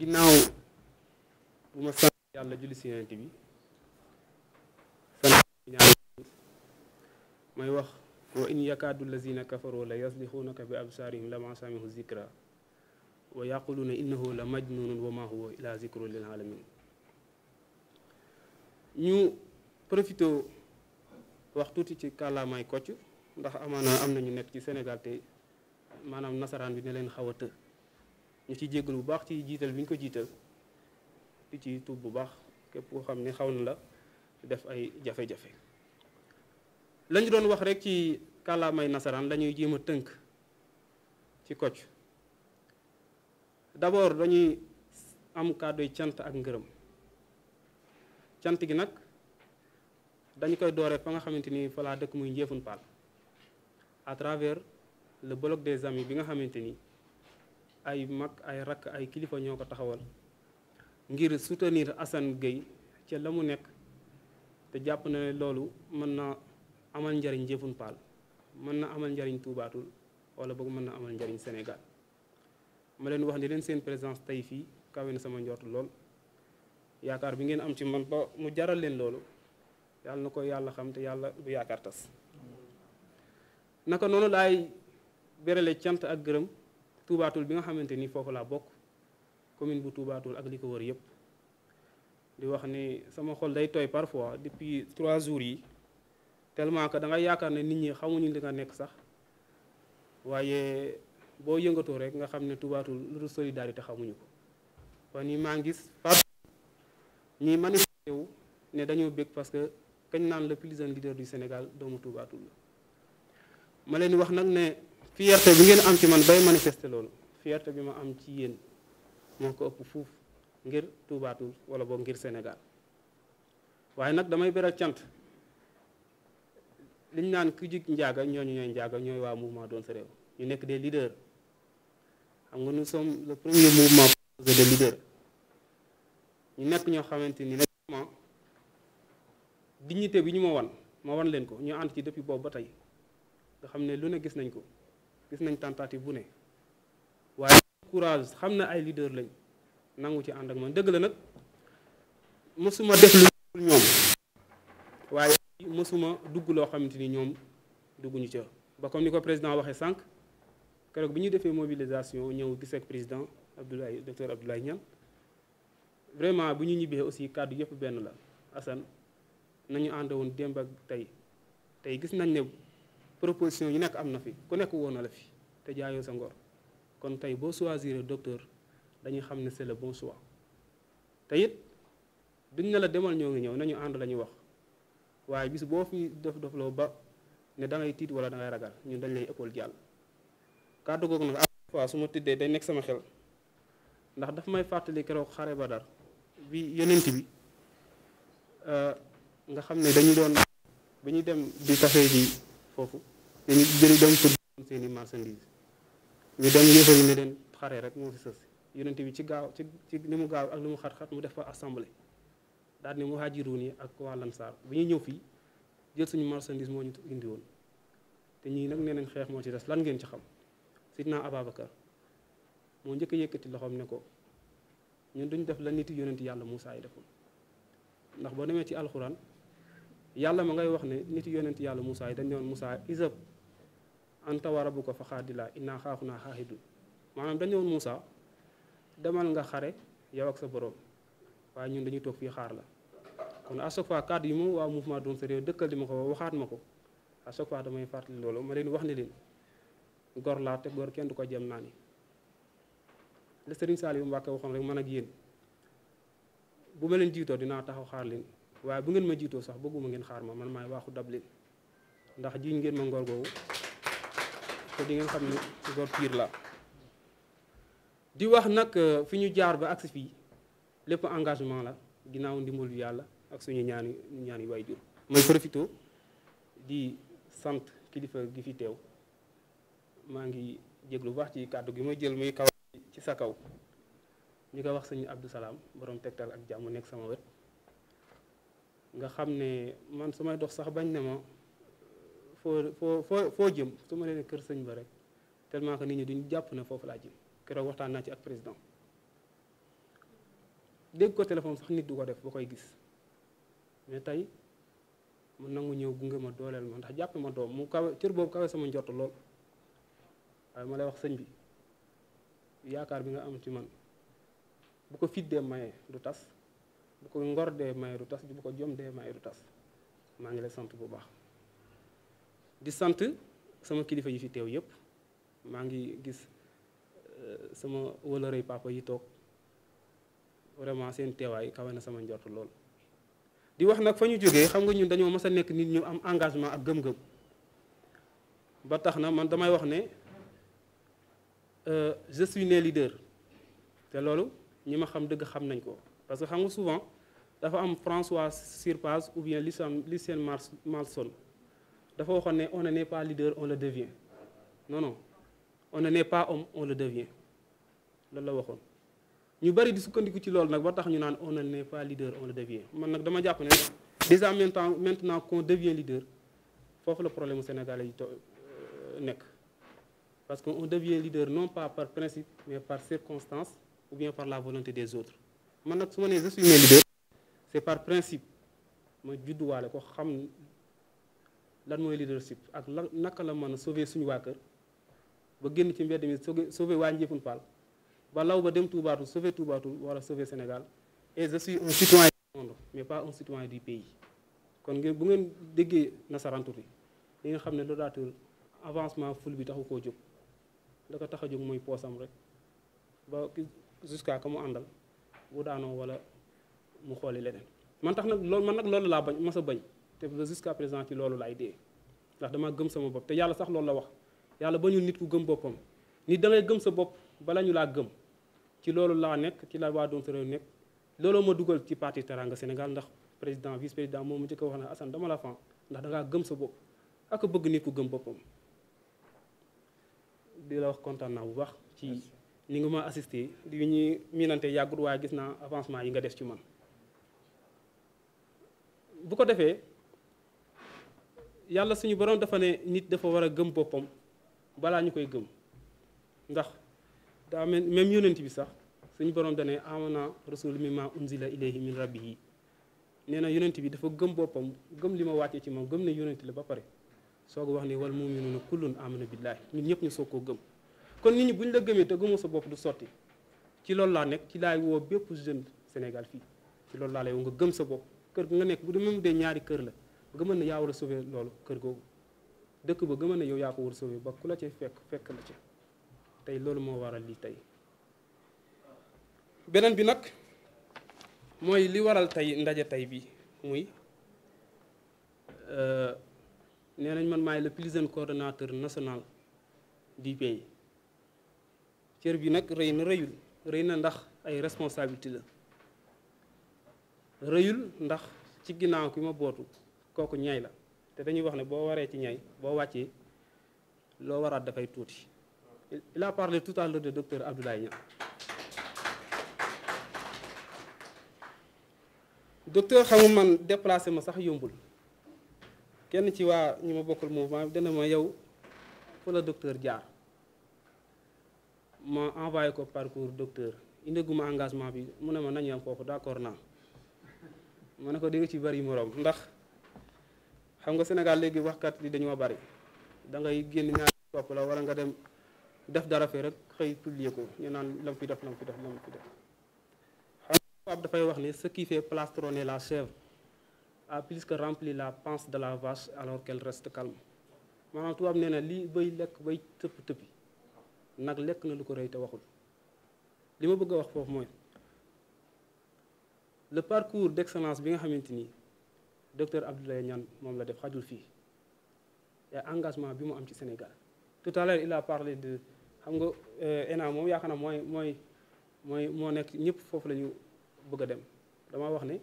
ginnaaw bu ma sant yàlla julli si bi sant may wax wa in yakaadu lazina kafaroo la yaslixuunaka bi absaarihim lama samihu zikra wa yaquluuna innahu la majnunun wa ma huwa ila zikru lil alamin ñu profité wax tuuti ci kàllaamaay kocc ndax amaana am nañu nekk ci Sénégal te maanaam nasaraan bi ne leen xaw a të ñu ci jéggal bu baax ci jiital bi ñu ko jiital di ci tuub bu baax képp koo xam ne xaw na la def ay jafe-jafe lañu doon wax rek ci kàllaamay nasaraan lañuy jéem a tënk ci Kocc d'abord dañuy am kàdduy cant ak ngërëm cant gi nag dañu koy dooree fa nga xamante ni fa laa dëkk muy njéefun paal à travers blog des amis bi nga xamante ay mag ay rakk ay kilifa ñoo ko taxawal ngir soutenir Assane Gueye ca la mu nekk te jàpp na ne loolu mën na amal njariñ Jëfun Paal mën na amal njariñ tuubaatul walla boog mën na amal njariñ Sénégal ma leen wax ni leen seen présence tey fii kawe na sama njort lool yaakaar bi ngeen am ci man ba mu jaral leen loolu yàlla na ko yàlla xam te yàlla bu yaakaar tas naka noonu laay berale cant ak gërëm tuubaatul bi nga xamante ni foofu laa bokk commune bu tuubaatul ak li ko wër yëpp di wax ni sama xol day tooy parfois depuis trois jours yi tellement que dangay yaakaar ne nit ñi xamuñu li nga nekk sax waaye boo yëngatoo rek nga xam ne tuubaatul lu dul solidarité xamuñu ko kon ni maa ngis gis par ñi manifesté wu ne dañoo bégg parce que kañ naan le plus jeune leader du Sénégal doomu tuubaatul la ma leen wax nag ne fierté bi ngeen am ci man bay manifesté loolu fierté bi ma am ci yéen moo ko ëpp fuuf ngir Touba Toul wala boog ngir Sénégal waaye nag damay beral cant liñ naan ku jig njaaga ñooñu ñooy njaaga ñooy waa mouvement doon sa réew ñu nekk des leaders xam nga nu sommes le premier mouvement proposé de leaders ñu nekk ñoo xamante ni vraiment dignité bi ñu ma wan ma wan leen ko ñu ànd ci depuis boobu ba tey nga xam ne lu ne gis nañ ko gis nañ tentative bu ne waaye courage xam na ay leader lañ nangu ci ànd ak man dëgg la nag mësuma def lu ñoom waaye mësuma dugg loo xamante ni ñoom dugguñu ca ba comme ni ko président waxee sànq keroog bi ñu defee mobilisation ñëw gis ak président Abdoulaye docteur Abdoulaye Niang vraiment bu ñu ñibbee aussi kàddu yëpp benn la Assane nañu ànd woon démb ak tey tey gis nañ ne proposition yu nekk am na fi ku nekk woon na la fi te jaayoo sa ngor kon tey boo choisir docteur dañuy xam ne c'est le bon choix te it duñ ne la demal ñoo ngi ñëw nañu ànd la ñuy wax waaye bis boo fi def dofloo ba ne da ngay tiit wala da ragal ñun dañ lay école jàll kàddu googu nag fois su ma tëddee day nekk sama xel ndax dafa may fàttali keroog xare ba Badar bi yonent bi euh, nga xam ne dañu doon bi ñu dem di tafee ji foofu dañu jëri dem pour seen i marchandise ñu dem yëfar ne leen xare rek moo fi sës yonente bi ci gaaw ci ci ni mu gaaw ak li mu xat-xat mu def fa assemblée daal ni muhaajiruun yi ak waa lansaar bu ñuy ñëw fii jël suñu marchandise moo ñu indi woon te ñii nag nee nañ xeex moo ci des lan ngeen ci xam sidna Ababacar moo njëkk a yëkkati loxoom ne ko ñun duñ def la nit yonent yàlla Muusaa yi defoon ndax boo demee ci alxuraan yàlla ma ngay wax ne nit yonent yàlla Moussa yi dañ ne woon Moussa ko anta wa rabbuka fa xaadilaa innaa xaaxunaa xaaxidu maanaam dañ ne demal nga xare yow ak sa boroom waaye ñun dañuy toog fii xaar la kon à chaque fois cadre yi moom waa mouvement doon sa réew dëkkal di ma ko waxaat ma ko à chaque fois damay fàttali loolu ma leen wax ne leen gor laa te gor kenn du ko jëm naa ni la Serigne Saliou Mbacke waxoon rek man ak yéen bu ma leen jiitoo dinaa taxaw xaar waaye bu ngeen ma jiitoo sax bëgguma ngeen xaar ma man maay waaxu dab leen ndax jiñ ngeen ma ngor googu te di ngeen xam ne ngor piir la di wax nag euh, fi ñu jaar ba agsi fii lépp engagement la ginnaaw ndimbalu yàlla ak suñu ñaani ñaani waajur may profité di sant kilifa gi fi teew maa ngi lu baax ci kàddu gi ma jël muy kaw ci sa kaw ñu ko wax sëñ Abdou Salaam borom tegtal ak jàmm nekk sama wet nga xam ne man su may dox sax bañ ne ma foo foo foo foo jëm su ma leen kër sëñ ba rek tellement que nit ñi duñ jàpp na foofu laa jëm keroog waxtaan naa ci ak président dégg ko téléphone sax nit du ko def ba koy gis mais tey mu nangu ñëw gunge ma dooleel ma ndax jàppe ma doom mu kawe cër boobu kawe sama njort lool waaye ma lay wax sëñ bi yaakaar bi nga am ci man bu ko fit dee mayee du tas bu ko ngor dee may du bu ko jom dee may du maa ngi lay sant bu baax di sant sama kilifa yi fi teew yëpp maa ngi gis euh, sama wëlërëy papa yi toog vraiment seen teewaay kawe na sama njort lool. di wax nag fa ñu jógee xam nga ñun dañoo mës a nekk nit ñu am engagement ak gëm-gëm ba tax na man damay wax ne euh, je suis né leader te loolu ñi ma xam dëgg xam nañ ko. parce que xam nga souvent dafa am François Sirpaz ou bien Lucien Malson dafa waxoon ne on n'est pas leader on le devient non non on n'est pas homme on le devient loolu la waxoon. ñu bari di sukkandiku ci loolu nag ba tax ñu naan on n'est pas leader on le devient man nag dama jàpp ne déjà maintenant maintenant qu'on devient leader foofu la problème mu Sénégalais yi euh, nekk. parce qu'on devient leader non pas par principe mais par circonstance ou bien par la volonté des autres. man nag su ma nee je suis leader c'est par principe ma judduwaale ko xam lan mooy leadership ak lan naka la mën a sauver suñu waa kër ba génn ci mbedd mi sauver waa Ndiépoune Fall ba law ba dem Toubatoul sauver Toubatoul wala sauver Sénégal et je suis citoyen du monde mais pas un citoyen du pays kon ngeen bu ngeen déggee nasaraan tuuti li nga xam ne Laudator avancement ful bi taxu koo jóg la ko tax a jóg mooy poosam rek ba jusqu'à ka mu àndal bu daanoo wala mu xooli leneen man tax nag loolu man nag loolu laa bañ mas a bañ te ba jusqu'à présent ci loolu laay dee ndax damaa gëm sama bopp te yàlla sax loolu la wax yàlla bañul nit ku gëm boppam nit da gëm sa bopp bala ñu laa gëm ci loolu laa nekk ci la waa doon sa réew nekk looloo ma dugal ci parti Teranga Sénégal ndax président vice président moom mu njëkk a wax na assan dama la fan ndax da gëm sa bopp ak bëgg nit ku gëm boppam di la wax kontaan naa bu baax ci ni nga ma assisté yu ñuy miinante yàggut waaye gis na avancement yi nga def ci man bu ko defee yàlla suñu borom dafa ne nit dafa war a gëm boppam balaa ñu koy gëm ndax daa mel même yonent bi sax suñu borom dane amana rasul mi ma unzila ilayhi min rabbihi nee na yonent bi dafa gëm boppam gëm li ma wàccee ci moom gëm ne yonent la ba pare ko wax ne wal muminuuna kullun amana billahi ñun ñëpp ñu soog koo gëm kon nit ñi bu ñu la gëmee te gëmoo sa bopp du sotti ci loolu laa nekk ci laay woo bépp jeune Sénégal fii ci loolu laa lay woo nga gëm sa bopp kër gi nga nekk bu demee mu dee ñaari kër la nga mën na yaa war a loolu kër googu dëkk ba nga na yow yaa ko war a sauver ba ku la ci fekk fekk la ci tey loolu moo waral lii tey beneen bi nag mooy li waral tey ndaje tey bi muy euh, nee nañ man maay le plus jeune coordonnateur national du pays cër bi nag rëy na rëyul rëy na ndax ay responsabilité la rëyul ndax ci ginnaaw ki ma bootu kooku ñaay la te dañuy wax ne boo waree ci ñay boo wàccee loo waraat dafay tuuti il a parlé tout à l'heure de docteur Abdoulaye Niang docteur xamu man déplacé ma sax yombul kenn ci waa ñi ma bokkal mouvement bi dana ma yow fa la docteur jaar ma envoyé ko parcours docteur indéguma engagement bi mu ne ma nañu am foofu d'accord naa ma ne ko di dégg ci bari moroom ndax xam nga Sénégal léegi waxkat dañu dañoo bari da ngay génn ñaari topp la wala nga dem def dara fee rek xëy publier ko ñu naan lam fi def lam fi def lam fi def xam nga dafay wax ne ce qui fait plastronner la chèvre a plus que rempli la panse de la vache alors qu'elle reste calme maanaam tubaab nee lii bay lekk bay tëpp tëppi nag lekk na lu ko rëy te waxul li ma bëgg a wax foofu mooy le parcours d'excellence bi nga xamante ni docteur Abdoulaye Niane moom la def xajul fii et engagement bi mu am ci Sénégal tout à l'heure il a parlé de xam nga euh, ENA moom yaakaar naa mooy mooy mooy moo nekk ñëpp foofu la ñu bëgg a dem dama wax ne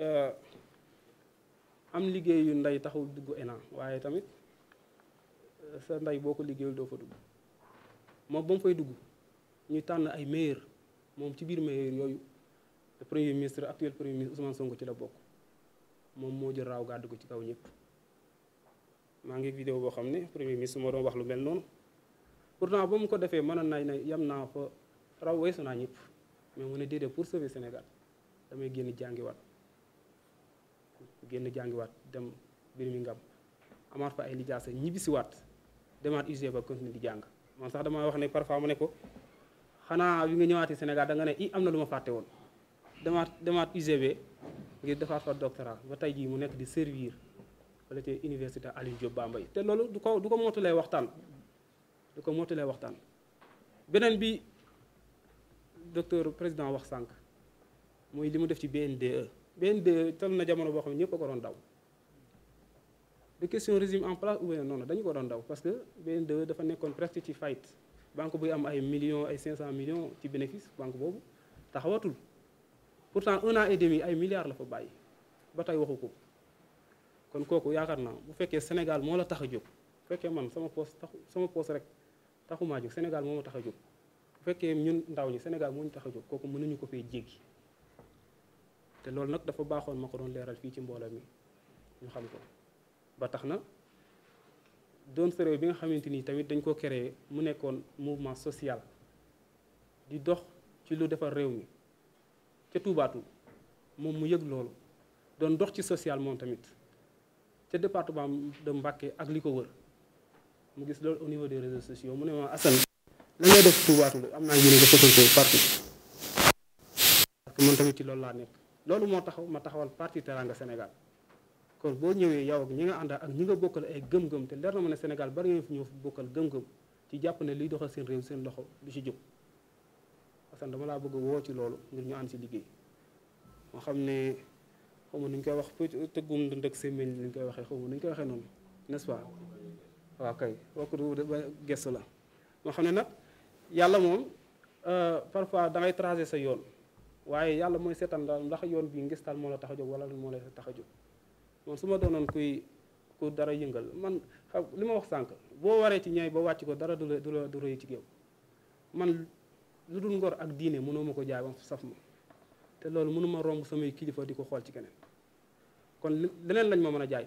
euh, am liggéey yu ndey taxul dugg ENA waaye tamit euh, sa ndey boo ko liggéeyul doo fa dugg moom ba mu fay dugg ñu tànn ay maire moom ci biir maire yooyu le premier ministre actuel premier ministre Ousmane Sonko ci la bokk moom moo jël raaw gàddu ko ci kaw ñëpp maa ngi vidéo boo xam ne premier ministre moo doon wax lu mel noonu pourtant ba mu ko defee mënoon nañ ne yem naa fa raw weesu naa ñëpp mais mu ne déedéet pour sauver Sénégal damay génn jàngiwaat génn jàngiwaat dem mi ngam amaat fa ay lijaasa ñibbisiwaat demaat UG ba continuer di jàng man sax damaa wax ne parfois mu ne ko xanaa bi nga ñëwaatee Sénégal danga ne i am na lu ma fàtte woon demaat demaat UGB ngir defaat fa doctorat ba tey jii mu nekk di servir wala te université Alioune Diop Bambey te loolu du ko du ko mootulee waxtaan du ko mootulee waxtaan beneen bi docteur président wax sànq muy li mu def ci BNDE BNDE toll na jamono boo xam ne ñëpp ko doon daw de question régime en place ou bien non non dañu ko doon daw parce que BN2 dafa nekkoon presque ci fight banque buy am ay millions ay 500 million ci bénéfice banque boobu taxawatul pourtant un an et demi ay milliards la fa bàyyi ba tey waxu ko kon kooku yaakaar na bu fekkee Sénégal moo la tax a jóg bu fekkee man sama poste taxu sama poste rek maa jóg Sénégal moo ma tax a jóg bu fekkee ñun ndaw ñi Sénégal moo ñu tax a jóg kooku mënuñu ko fee jéggi te loolu nag dafa baaxoon ma ko doon leeral fii ci mbooloo mi ñu xam ko. ba tax na doon sa réew bi nga xamante ni tamit dañ ko créé mu nekkoon mouvement social di dox ci lu defar réew mi ca tuubaatu moom mu yëg loolu doon dox ci social moom tamit ca département de Mbacké ak li ko wër mu gis loolu au niveau des réseaux sociaux mu ne ma Assane la ngay def tuubaatu la am naa yéene nga fësal ko parti parce que man tamit ci loolu laa nekk loolu moo taxaw ma taxawal parti Teranga Sénégal kon boo ñëwee yow ak ñi nga ànd ak ñi nga bokkal ay gëm-gëm te leer na ma ne Sénégal bari ngeen fi ñëw fi bokkal gëm-gëm ci jàpp ne liy doxal seen réew seen loxo du ci jóg parce que dama laa bëgg woo ci loolu ngir ñu ànd ci liggéey moo xam ne xaw ma nu koy wax tëggum dund ak semaine ni ñu koy waxee xaw ma nu koy waxee noonu n'est-ce pas waaw kay wokk gestu la moo xam ne nag yàlla moom euh, parfois da ngay tracer sa yoon waaye yàlla mooy seetaan daal ndax yoon bi ngistal moo la tax a jóg wala moo la tax a jóg moom su ma doon doonoon kuy ku dara yëngal man xam li ma wax sànq boo waree ci ñay ba wàcc ko dara du la du la du rëy ci géew man lu dul ngor ak diine mënoo ma ko jaay ba saf ma te loolu mënuma romb samay kilifa di ko xool ci keneen kon leneen lañ ma mën a jaay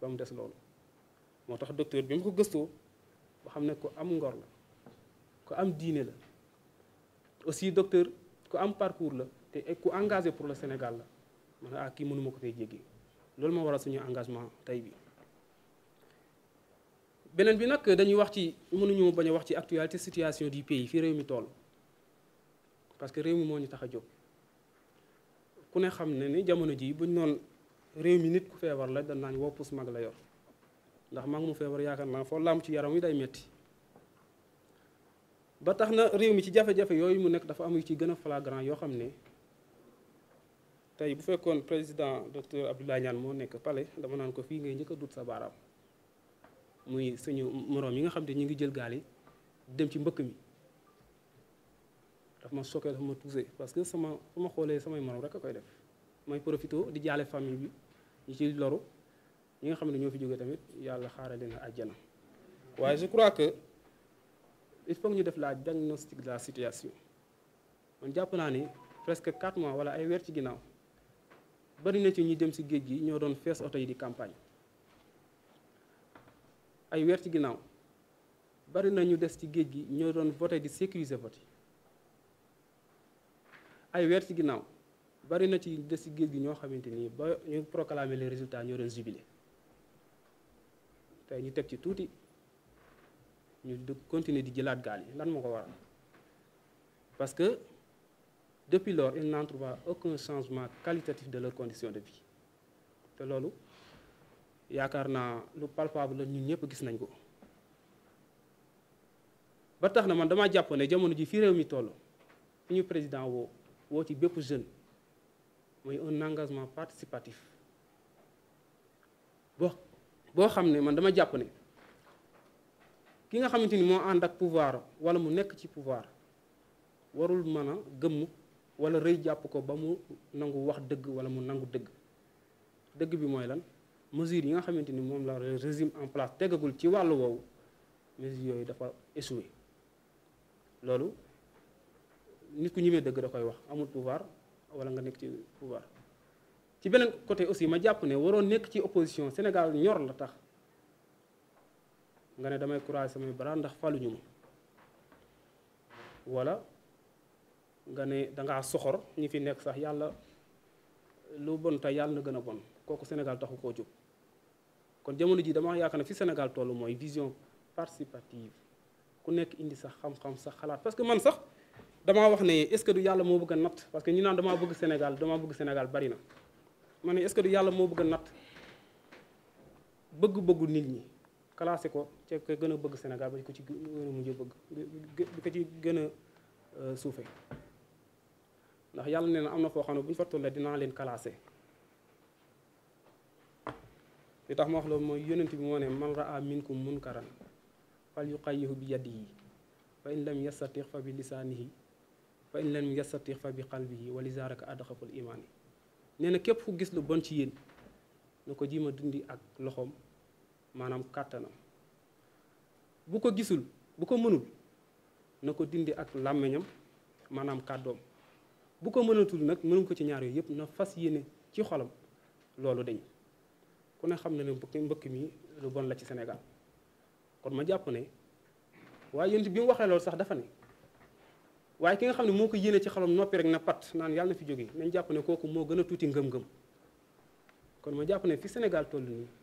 ba mu des loolu moo tax docteur bi mu ko gëstoo ba xam ne ku am ngor la ku am diine la aussi docteur ku am parcours la te ku engagé pour le Sénégal la man a ah kii mënuma ko fee jéggi loolu moo waral suñu engagement tey bi beneen bi nag dañuy wax ci mënuñu bañ a wax ci actualité situation du pays fi réew mi tool parce que réew mi moo ñu tax a jóg ku ne xam ne ni jamono ji buñ noon réew mi nit ku feebar la dañ naan woppus mag la yor ndax mag mu feebar yaakaar naa foo laam ci yaram wi day metti ba tax na réew mi ci jafe-jafe yooyu mu nekk dafa am yu ci gën a flagrant yoo xam ne tey bu fekkoon président docteur Abdoulaye Niane moo nekk pale dama naan ko fii ngay njëkk a dut sa baaraam muy suñu moroom yi nga xam ne ñu ngi jël gaal yi dem ci mbëkk mi daf ma choqué daf ma touché parce que sama su ma xoolee samay moroom rek a koy def may profité di jaale famille bi ñu ci loru ñi nga xam ne ñoo fi jógee tamit yàlla xaarale na àjjana waaye je crois que il faut ñu def la diagnostic de la situation man jàpp naa ni presque 4 mois wala ay weer ci ginnaaw barina ci ñi dem si géej gi ñoo doon fees oto yi di campagne ay weer ci ginnaaw bari na ñu des ci géej gi ñoo doon voté di sécuriser vote ay weer ci ginnaaw bari na ci des ci géej gi ñoo xamante ni ba ñu proclamer les résultat ñoo doon jubilé tey ñu teg ci tuuti ñu continé di jëlaat gaal yi lan moo ko waral parce depuis lors ils n'entrevoient aucun changement qualitatif de leurs conditions de vie te loolu yaakaar naa lu palpable la ñun ñëpp gis nañ ko ba tax na man damaa jàpp ne jamono ji fi réew mi toll fi ñu président woo woo ci bépp jeune mooy un engagement participatif boo boo xam ne man dama jàpp ne ki nga xamante ni moo ànd ak pouvoir walla mu nekk ci pouvoir warul mën a gëmm wala rëy jàpp ko ba mu nangu wax dëgg wala mu nangu dëgg dëgg bi mooy lan mesure yi nga xamante ni moom la régime en place tegagul ci wàllu woowu mesure yooyu dafa échoué loolu nit ku ñimee dëgg da koy wax amul pouvoir wala nga nekk ci pouvoir ci beneen côté aussi ma jàpp ne waroon nekk ci opposition Sénégal ñor la tax nga ne damay courage samay bara ndax faluñu ma wala nga ne dangaa soxor ñu fi nekk sax yàlla lu bon tey yàlla na gën a bon kooku Sénégal taxu koo jóg kon jamono ji dama yaakaar ne fi Sénégal toll mooy vision participative ku nekk indi sax xam-xam sax xalaat parce que man sax damaa wax ne est-ce que du yàlla moo bëgg a natt parce que ñu naan damaa bëgg Sénégal damaa bëgg Sénégal bari na ma ne est-ce du yàlla moo bëgg a natt bëgg-bëggu nit ñi classé ko ca gën a bëgg Sénégal ba ko ci gën a mujj euh, bëgg bi ko ci gën a suufe ndax yàlla nee na am na foo xam ne bu ñu fa tollee dinaa leen classé li tax ma wax loolu mooy yonent bi moo ne man raa minkum munkaran fal yuqayyihu bi yadihi fa in lam yastatix fa bi lisaanihi fa in lam yastatix fa bi qalbihi wa lizaaraka adxaful imaan yi nee na képp ku gis lu bon ci yéen na ko jiima dindi ak loxoom maanaam kàttanam bu ko gisul bu ko mënul na ko dindi ak làmmiñam maanaam kàddoom bu ko mënatul nag mënu ko ci ñaar yooyu yëpp na fas yéene ci xolam loolu dañ ku ne xam na ne mbëkk mbëkk mi lu bon la ci senegal kon ma jàpp ne waaye yéen bi mu waxee loolu sax dafa ne waaye ki nga xam ne moo ko yéene ci xolam noppi rek na pat naan yàlla na fi jógee nañ jàpp ne kooku moo gën a tuuti ngëm-ngëm kon ma jàpp ne fi Sénégal toll nii